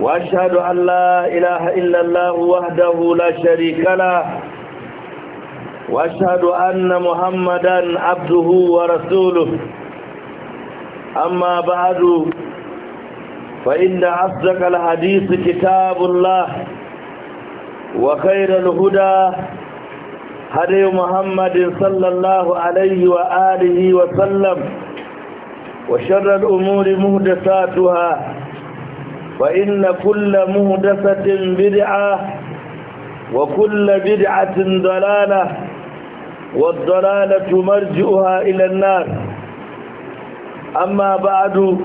وأشهد أن لا إله إلا الله وحده لا شريك له وأشهد أن محمدا عبده ورسوله أما بعد فإن أصدق الحديث كتاب الله وخير الهدى هدي محمد صلى الله عليه وآله وسلم وشر الأمور مهدساتها فإن كل مهدسة بدعة وكل بدعة ضلالة والضلالة مرجئها إلى النار أما بعد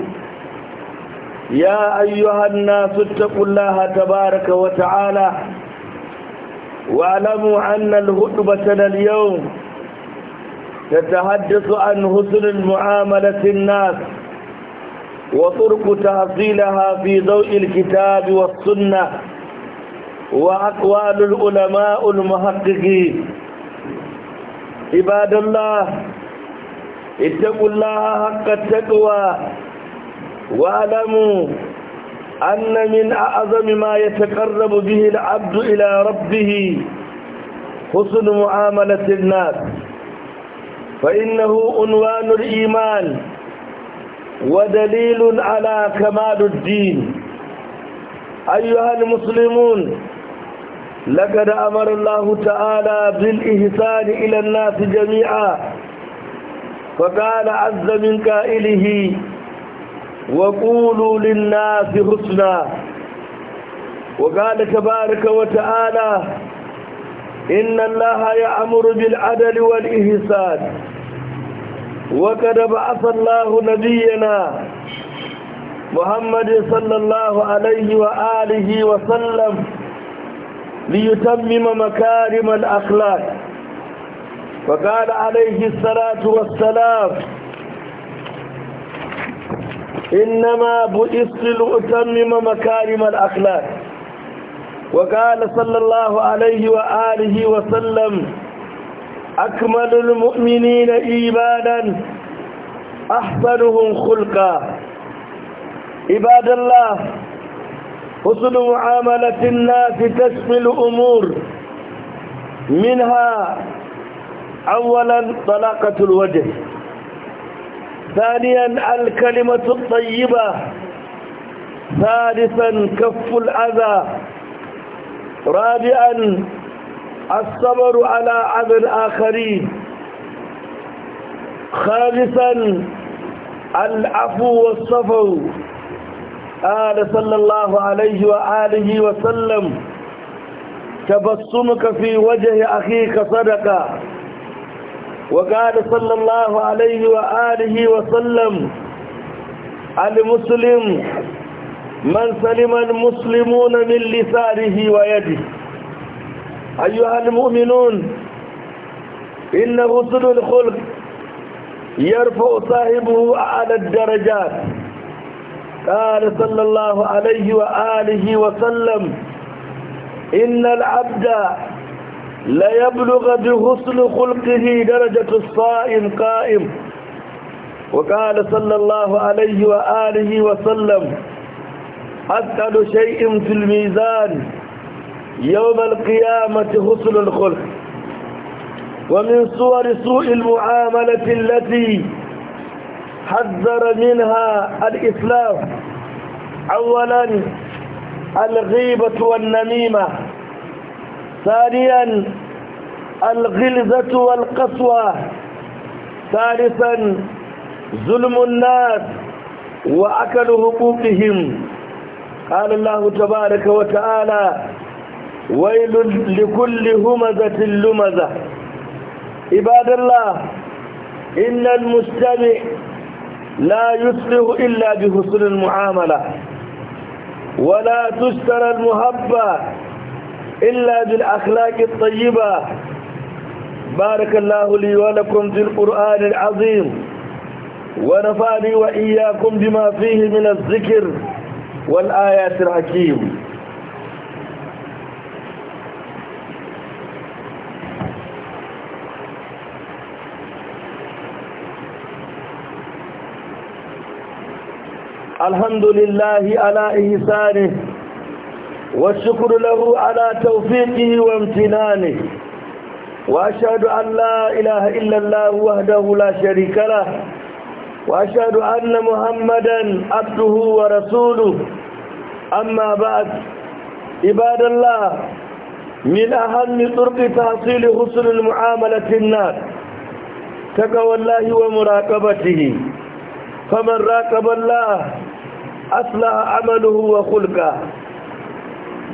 يا أيها الناس اتقوا الله تبارك وتعالى واعلموا أن الغتبة اليوم تتحدث عن حسن المعاملة الناس وطرق تعطيلها في ضوء الكتاب والسنة وأقوال العلماء المحققين عباد الله اتقوا الله حق التقوى واعلموا أن من أعظم ما يتقرب به العبد إلى ربه حسن معاملة الناس فإنه عنوان الإيمان ودليل على كمال الدين أيها المسلمون لقد أمر الله تعالى بالإحسان إلى الناس جميعا فقال عز من قائله وقولوا للناس حسنا وقال تبارك وتعالى إن الله يأمر بالعدل والإحسان وقد بعث الله نبينا محمد صلى الله عليه وآله وسلم ليتمم مكارم الأخلاق وقال عليه الصلاة والسلام إنما بئس لأتمم مكارم الأخلاق وقال صلى الله عليه وآله وسلم أكمل المؤمنين إيمانا أحسنهم خلقا عباد الله حسن معاملة الناس تشفي الأمور منها أولا طلاقة الوجه ثانيا الكلمة الطيبة ثالثا كف الأذى رابعا الصبر على عذر الآخرين خامسا العفو والصفو قال صلى الله عليه وآله وسلم تبصمك في وجه أخيك صدقة وقال صلى الله عليه وآله وسلم المسلم من سلم المسلمون من لسانه ويده أيها المؤمنون إن غسل الخلق يرفع صاحبه أعلى الدرجات قال صلى الله عليه وآله وسلم إن العبد ليبلغ بغسل خلقه درجة الصائم قائم وقال صلى الله عليه وآله وسلم أثقل شيء في الميزان يوم القيامة حسن الخلق ومن صور سوء المعاملة التي حذر منها الإسلام أولا الغيبة والنميمة ثانيا الغلزة والقسوة ثالثا ظلم الناس وأكل حقوقهم قال الله تبارك وتعالى ويل لكل همزة لمزة عباد الله إن المستمع لا يصلح إلا بحسن المعاملة ولا تستر المهبة إلا بالأخلاق الطيبة بارك الله لي ولكم في القرآن العظيم ونفعني وإياكم بما فيه من الذكر والآيات الحكيم الحمد لله على إحسانه والشكر له على توفيقه وامتنانه وأشهد أن لا إله إلا الله وحده لا شريك له وأشهد أن محمدا عبده ورسوله أما بعد عباد الله من أهم طرق تحصيل حسن المعاملة الناس تقوى الله ومراقبته فمن راقب الله أصلح عمله وخلقه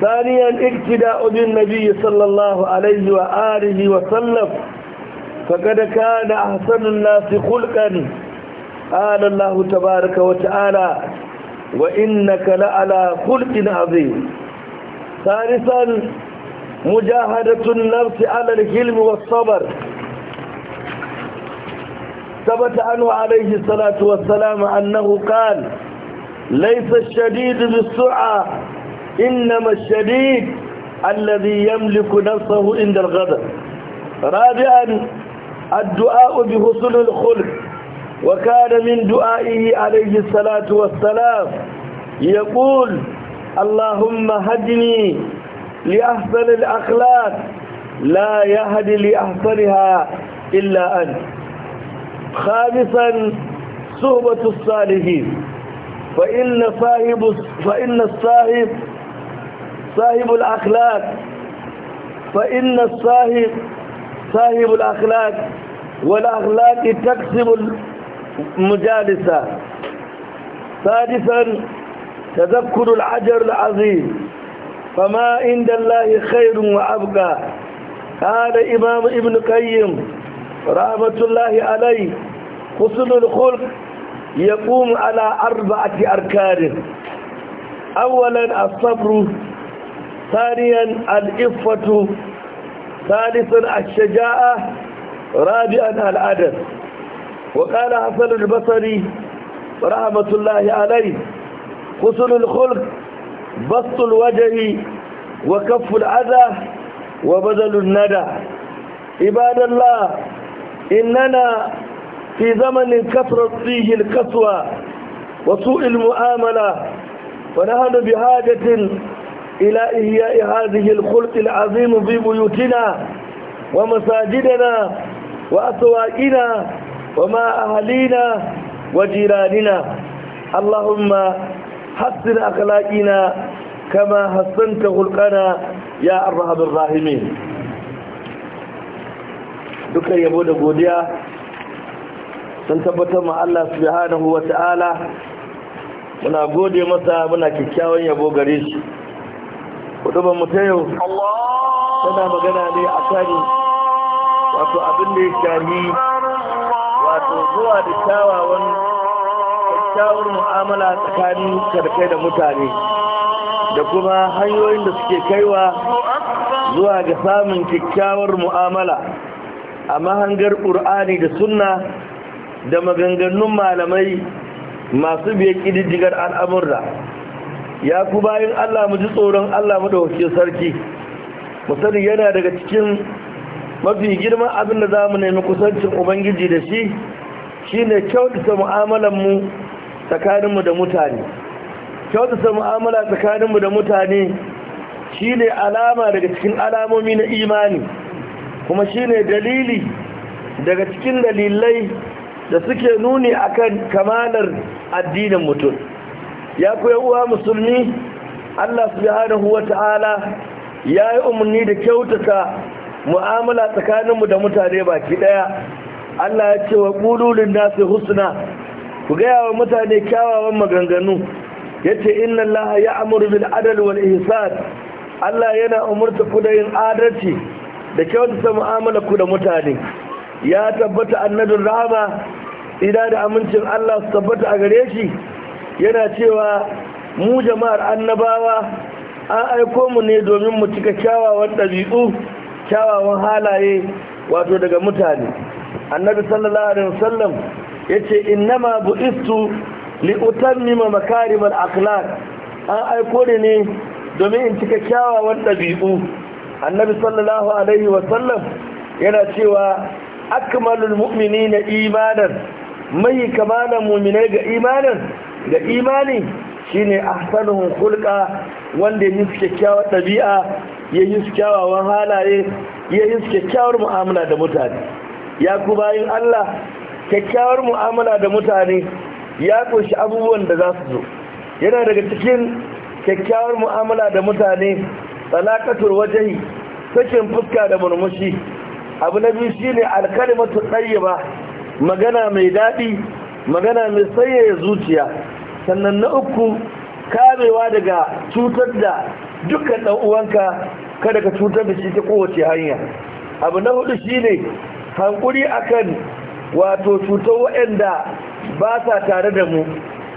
ثانيا اقتداء بالنبي صلى الله عليه وآله وسلم فقد كان أحسن الناس خلقا قال الله تبارك وتعالى وإنك لعلى خلق عظيم ثالثا مجاهدة النفس على الحلم والصبر ثبت عنه عليه الصلاة والسلام أنه قال ليس الشديد بالسرعة إنما الشديد الذي يملك نفسه عند الغضب رابعا الدعاء بحسن الخلق وكان من دعائه عليه الصلاة والسلام يقول اللهم هدني لأحسن الأخلاق لا يهدي لأحسنها إلا أنت خامسا صحبة الصالحين فإن صاحب فإن الصاحب صاحب الأخلاق فإن الصاحب صاحب الأخلاق والأخلاق تكسب المجالسة سادسا تذكر العجر العظيم فما عند الله خير وأبقى قال إمام ابن قيم رحمة الله عليه حسن الخلق يقوم على أربعة أركان أولا الصبر ثانيا الإفة ثالثا الشجاعة رابعا العدل وقال حسن البصري رحمة الله عليه حسن الخلق بسط الوجه وكف الأذى وبذل الندى عباد الله إننا في زمن كثرت فيه الكسوة وسوء المؤاملة ونحن بحاجة إلى إحياء هذه الخلق العظيم في بيوتنا ومساجدنا وأسواقنا وما أهلينا وجيراننا اللهم حسن أخلاقنا كما حسنت خلقنا يا أرحم الراحمين duka yabo da godiya sun tabbatar ma Allah subhanahu wa ta'ala muna gode masa muna kyakkyawan yabo gare shi kudu mu ta yau tana magana ne a kan wato abin da ya shani wato zuwa da kyawawan kyakkyawar mu'amala tsakanin karkai da mutane da kuma hanyoyin da suke kaiwa zuwa ga samun kyakkyawar mu'amala a mahangar ƙur'ani da sunna da maganganun malamai masu biya ƙididdigar al'amurra ya ku bayan Allah mu ji tsoron Allah mu ɗauke sarki musamman yana daga cikin mafi girman abin da za mu nemi kusancin ubangiji da shi shi ne kyautata mu'amalanmu tsakaninmu da mutane kyautata mu'amala tsakaninmu da mutane shi ne alama daga cikin alamomi na imani kuma shi ne dalili daga cikin dalilai da suke nuni akan kamanar addinin mutum ya koya uwa musulmi Allah huwa ta'ala ya yi umarni da kyautata mu'amala tsakaninmu da mutane baki daya Allah ya ce wa qululun nasi husna ku gaya wa mutane kyawawan maganganu Ya ce, inna Allah ya'muru bil adal wal ihsan Allah yana umurta ku da yin adalci da kyautata mu'amala ku da mutane ya tabbata annabin rama. ida da amincin Allah su tabbata a gare shi yana cewa mu jama'ar annabawa an aiko mu ne domin mu cika kyawawan ɗabi'u kyawawan halaye wato daga mutane annabi sallallahu alaihi wasallam yace innama bu'istu li utammima makarimal akhlaq an aiko ni ne domin in cika kyawawan ɗabi'u annabi sallallahu alaihi wasallam yana cewa akmalul mu'minina imanan mai kama da muminai ga imanin ga imani shine ahsanuhum khulqa wanda ya yi kyakkyawar ɗabi'a ya yi kyawawan halaye ya yi kyakkyawar mu'amala da mutane ya ku bayin Allah kyakkyawar mu'amala da mutane ya kunshi abubuwan da za su zo yana daga cikin kyakkyawar mu'amala da mutane talaqatul wajhi sakin fuska da murmushi abu na biyu shine alkalimatu tayyiba magana mai daɗi magana mai tsayaya zuciya sannan na uku kamewa daga cutar da dukkan ɗan'uwanka kada ka cutar da shi ta kowace hanya abu na hudu shine hankuri akan wato cutar waɗanda ba sa tare da mu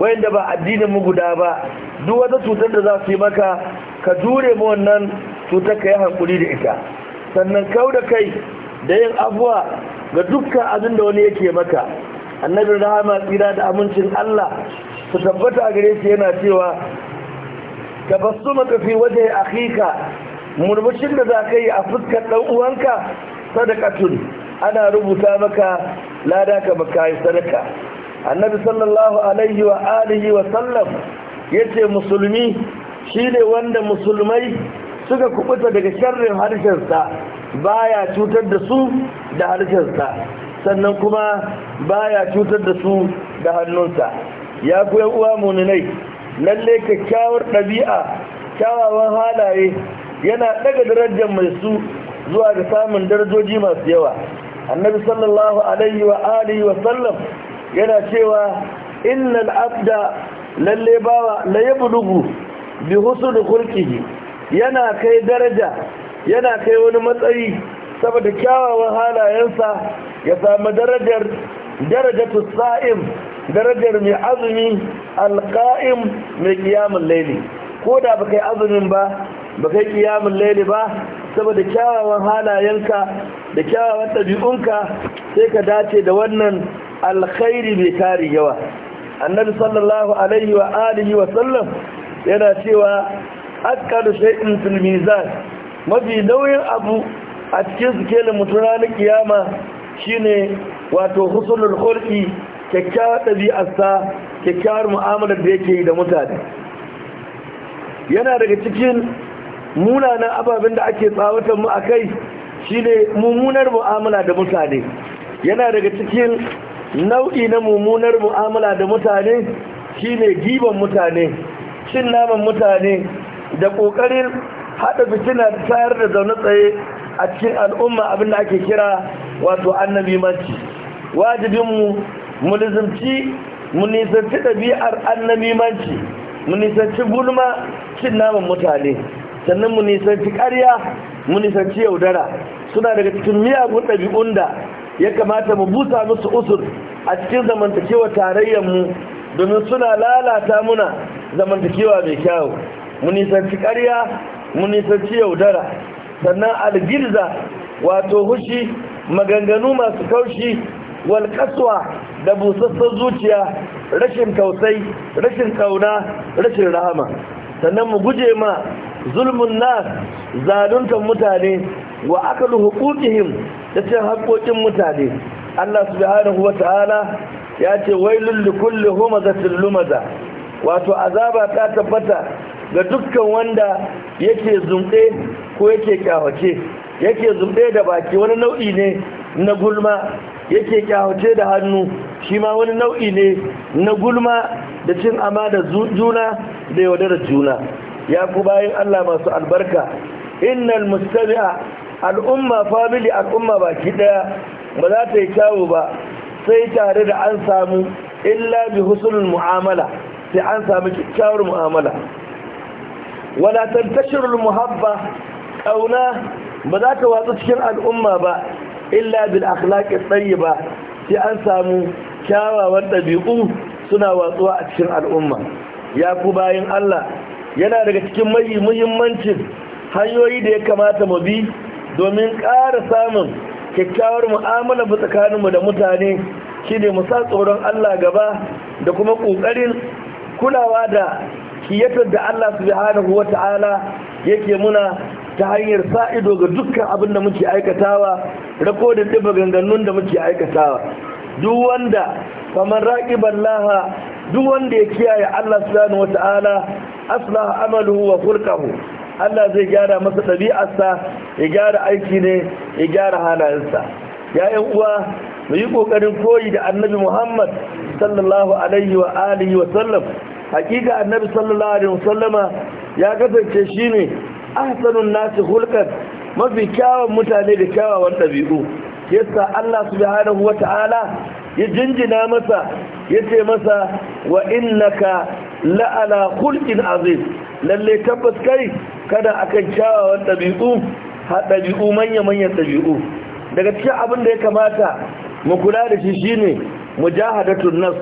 wayanda ba addinin mu guda ba duk wata cutar da za su yi maka ka jure mu wannan cutar ka yi hankuri da ita sannan kau da kai da yin abuwa ga dukka abin da wani yake maka annabi rahama tsira da amincin Allah su tabbata gare shi yana cewa maka fi a hika murmushin da za ka yi a fuskar ɗan'uwanka uwanka tun ana rubuta maka lada ka maka yi sadaka annabi sallallahu alaihi wa alihi wa sallam yace musulmi shi ne wanda musulmai suka kubuta daga sharrin harshensa baya cutar da su da harshensa sannan kuma baya cutar da su da hannunsa ya ku yan uwa muninai, lalle kyakkyawar ɗabi'a kyawawan halaye yana ɗaga darajar mai su zuwa ga samun darajoji masu yawa annabi sallallahu alaihi wa alihi wa sallam yana cewa innal abda lalle bawa la yablugu bi husn khulqihi yana kai daraja yana kai wani matsayi saboda kyawawan halayensa ya samu darajar darajatu sa'im darajar mai azumi alƙa'im mai kiyamun laili ko da ba kai azumin ba ba kai kiyamun laili ba saboda kyawawan halayenka da kyawawan ɗabi'unka sai ka dace da wannan alkhairi mai tari yawa annabi sallallahu alaihi wa alihi wa sallam yana cewa akkar shay'in fil mizan mafi nauyin abu a cikin sikelin mutum ranar kiyama shine wato husnul khulqi kyakkyawar ɗabi'arsa kyakkyawar mu'amalar da yake yi da mutane yana daga cikin munanan ababen da ake tsawatar mu a kai shine mummunar mu'amala da mutane yana daga cikin nau'i na mummunar mu'amala da mutane shine giban mutane cin naman mutane da ƙoƙarin haɗa fitina tayar da zaune tsaye a cikin al'umma abin da ake kira wato annabi manci wajibinmu mu nizamci mu nisanci ɗabi'ar annabi manci mu nisanci gulma cin naman mutane sannan mu nisanci ƙarya mu nisanci yaudara suna daga cikin miyagun ɗabi'un da ya kamata mu busa musu usur a cikin zamantakewa tarayyar mu domin suna lalata muna zamantakewa mai kyau. Mu nisanci ƙarya mu nisanci yaudara sannan algirza wato hushi maganganu masu kaushi walƙaswa da busassun zuciya rashin kausai rashin ƙauna rashin rahama sannan mu guje ma zulmun nas zaluntar mutane wa akalu hukukihim da cin haƙoƙin mutane Allah subhanahu wa ta'ala ya ce wailul likulli humazatin lumaza wato azaba ta tabbata ga dukkan wanda yake zumɗe ko yake kyawace yake zumɗe da baki wani nau'i ne na gulma yake kyawace da hannu shi ma wani nau'i ne na gulma da cin ama da juna da yaudarar juna ya ku bayan Allah masu albarka innal mustami'a al'umma famili al'umma baki daya ba za ta yi kyawu ba sai tare da an samu illa bi husnul mu'amala sai an samu kyakkyawar mu'amala wala tantashirul muhabba kauna ba za ta watsu cikin al'umma ba illa bil akhlaqi tayyiba sai an samu kyawawan dabi'u suna watsuwa a cikin al'umma ya ku bayin Allah yana daga cikin mai muhimmancin hanyoyi da ya kamata mu bi domin ƙara samun kyakkyawar mu'amala mu tsakaninmu da mutane shine mu sa tsoron Allah gaba da kuma ƙoƙarin kulawa da kiyatar da Allah subhanahu wata'ala yake muna ta hanyar sa ga dukkan abin da muke aikatawa da ɗiba ganganun da muke aikatawa duk wanda kamar raƙiban laha duk wanda ya kiyaye Allah subhanahu wata'ala aslaha amaluhu wa khulquhu Allah zai gyara masa ɗabi'arsa ya gyara aiki ne ya gyara halayensa 'yan uwa mu yi ƙoƙarin koyi da annabi Muhammad sallallahu alaihi wa alihi wa sallam hakika annabi sallallahu alaihi wasallama ya kasance shine ahsanun nasi hulqan mafi kyawun mutane da kyawawan ɗabi'u yasa Allah subhanahu wata'ala ya jinjina masa ya ce masa wa innaka la'ala hulqin azim lalle tabbas kai kada akan kyawawan ɗabi'u ha manya-manyan ɗabi'u daga cikin abin da ya kamata mu kula da shi shine mujahadatun nas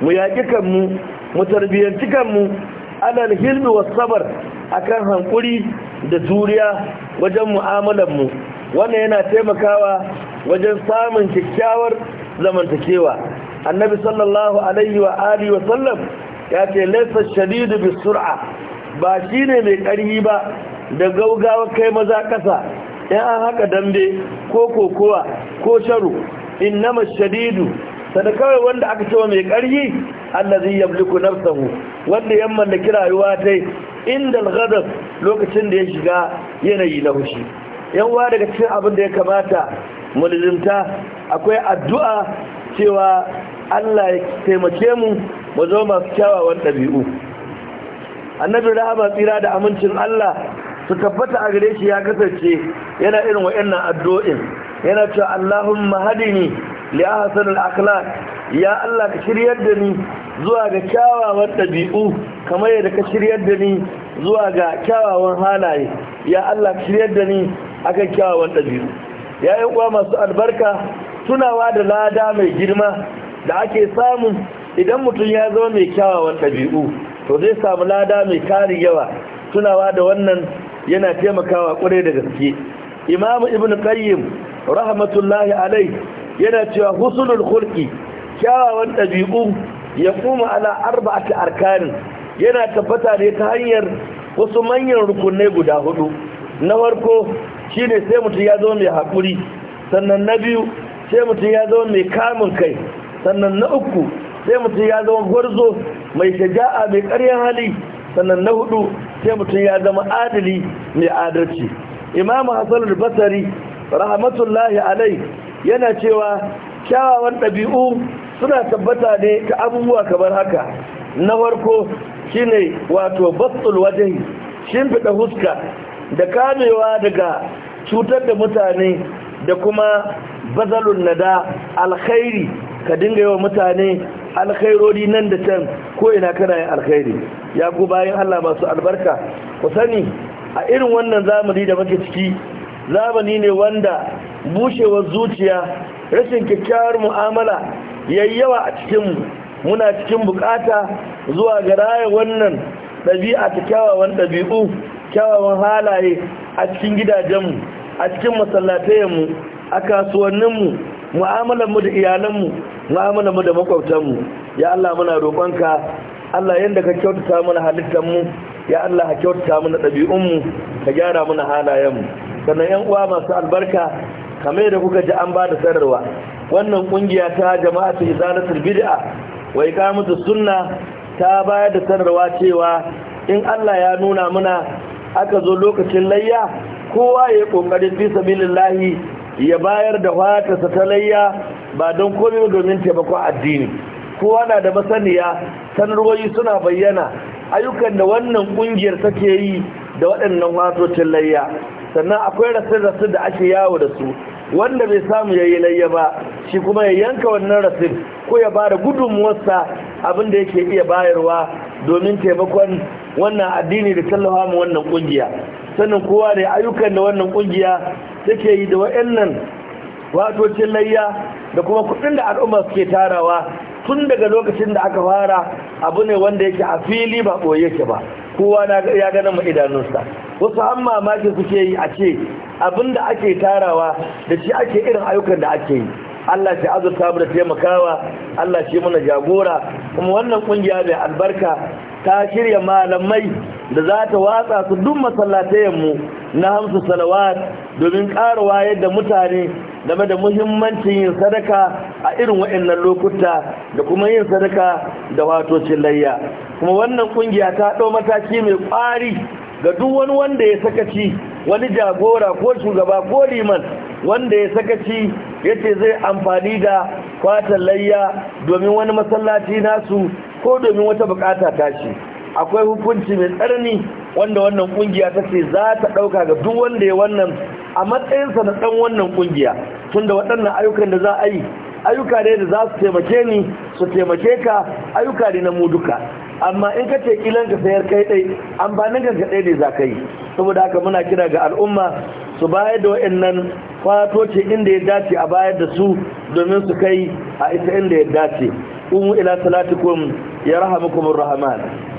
mu yaƙi kanmu mu tarbiyyanci kanmu alal hilmi was sabar kan hankuri da juriya wajen mu'amalar mu wannan yana taimakawa wajen samun kyakkyawar zamantakewa annabi sallallahu alaihi wa alihi wa sallam ya ce laysa shadidu bis sur'a ba ne mai ƙarfi ba da gaugawa kai maza ƙasa in an haka dambe ko kokowa ko sharu nama shadidu sai kawai wanda aka cewa mai ƙarfi yabli ku nafsahu wanda ya mallaki rayuwa ta inda al lokacin da ya shiga yanayi na hushi wa daga cikin abin da ya kamata mulzinta akwai addu'a cewa Allah ya taimake mu mu zo masu kyawawan ɗabi'u annabi rahama tsira da amincin Allah su tabbata a gare shi ya kasance yana irin wa'annan addu'o'in yana cewa Allahumma hadini li al akhlaq ya Allah ka shiryar da ni zuwa ga kyawawan ɗabi'u kamar yadda ka shiryar da ni zuwa ga kyawawan halaye ya Allah ka shiryar da ni akan kyawawan ɗabi'u ya yi uwa masu albarka tunawa da lada mai girma da ake samu idan mutum ya zama mai kyawawan ɗabi'u to zai samu lada mai kari yawa tunawa da wannan yana taimakawa ƙwarai da gaske imamu ibn qayyim rahmatullahi alai yana cewa husulul khulqi kyawawan ɗabi'u ya kuma ala arba'ati arkanin yana tabbata ne ta hanyar wasu manyan rukunai guda hudu na farko shine sai mutum ya zama mai haƙuri sannan na biyu sai mutum ya zama mai kamun kai sannan na uku sai mutum ya zama gwarzo mai shaja'a mai ƙaryan hali sannan na hudu sai mutum ya zama adali mai adalci imamu hassan basari rahmatullahi alai yana cewa kyawawan ɗabi'u suna tabbata ne ta abubuwa kamar haka na farko shine wato batsul wajen shimfiɗa huska da kamewa daga cutar da mutane da kuma bazalun nada alkhairi ka dinga yawa mutane alkhairori nan da can ko ina kana yin alkhairi ya ku bayan Allah masu albarka ku sani a irin wannan zamani da muke ciki zamani ne wanda bushewar zuciya rashin kyakkyawar mu'amala yayyawa a cikinmu muna cikin bukata zuwa ga raya wannan ɗabi'a ta kyawawan ɗabi'u kyawawan halaye a cikin gidajenmu a cikin masallatayenmu a kasuwanninmu mu'amalanmu da iyalanmu mu'amalanmu da makwabtanmu ya Allah muna roƙonka Allah yadda ka kyautata mana halittanmu ya Allah ka kyautata mana ɗabi'unmu ka gyara mana halayenmu sannan 'yan uwa masu albarka kamar da kuka ji an ba da sanarwa wannan kungiya ta jama'atu izalatul bid'a wa iqamatus sunna ta bayar da sanarwa cewa in Allah ya nuna muna aka zo lokacin layya kowa ya kokarin fi sabilillahi ya bayar da fatarsa ta layya ba don komai domin taimakon addini kowa na da masaniya sanarwoyi suna bayyana ayyukan da wannan kungiyar take yi da waɗannan watocin layya sannan akwai rasu-rasu da ake yawo da su wanda bai samu yi layya ba shi kuma ya yanka wannan rasin ko ya bada gudunmuwarsa abin da yake iya bayarwa domin taimakon wannan addini da tallafa mu wannan kungiya sannan kowa da ayyukan da wannan kungiya take yi da waɗannan watocin layya da kuma kudin da al'umma suke tarawa tun daga lokacin da aka fara abu ne wanda yake a fili ba ɓoye yake ba kowa ya gana mu idanunsa wasu an ke suke yi a ce abin da ake tarawa da shi ake irin ayyukan da ake yi Allah shi azurta mu da taimakawa Allah shi mana jagora kuma wannan kungiya mai albarka ta shirya malamai da za ta watsa su duk mu na hamsu salawat domin ƙara wayar da mutane game da muhimmancin yin sadaka a irin waɗannan lokuta da kuma yin sadaka da wato layya kuma wannan kungiya ta ɗau mataki mai ƙwari ga duk wani wanda ya sakaci wani jagora ko shugaba ko liman wanda ya sakaci ya ce zai amfani da kwatan layya domin wani masallaci nasu ko domin wata bukata tashi akwai hukunci mai tsarni wanda wannan kungiya ta ce za ta ɗauka ga duk wanda ya wannan a matsayinsa na ɗan wannan kungiya tunda waɗannan ayyukan da za a yi ayyuka ne da za su taimake ni su taimake ka ayyuka ne na mu duka amma in ka ce kilan sayar kai ɗai amfanin ka ɗai ne za ka yi saboda haka muna kira ga al'umma su bayar da waɗannan fatoci inda ya dace a bayar da su domin su kai a isa inda ya dace umu ila salatikum ya rahamukumur rahman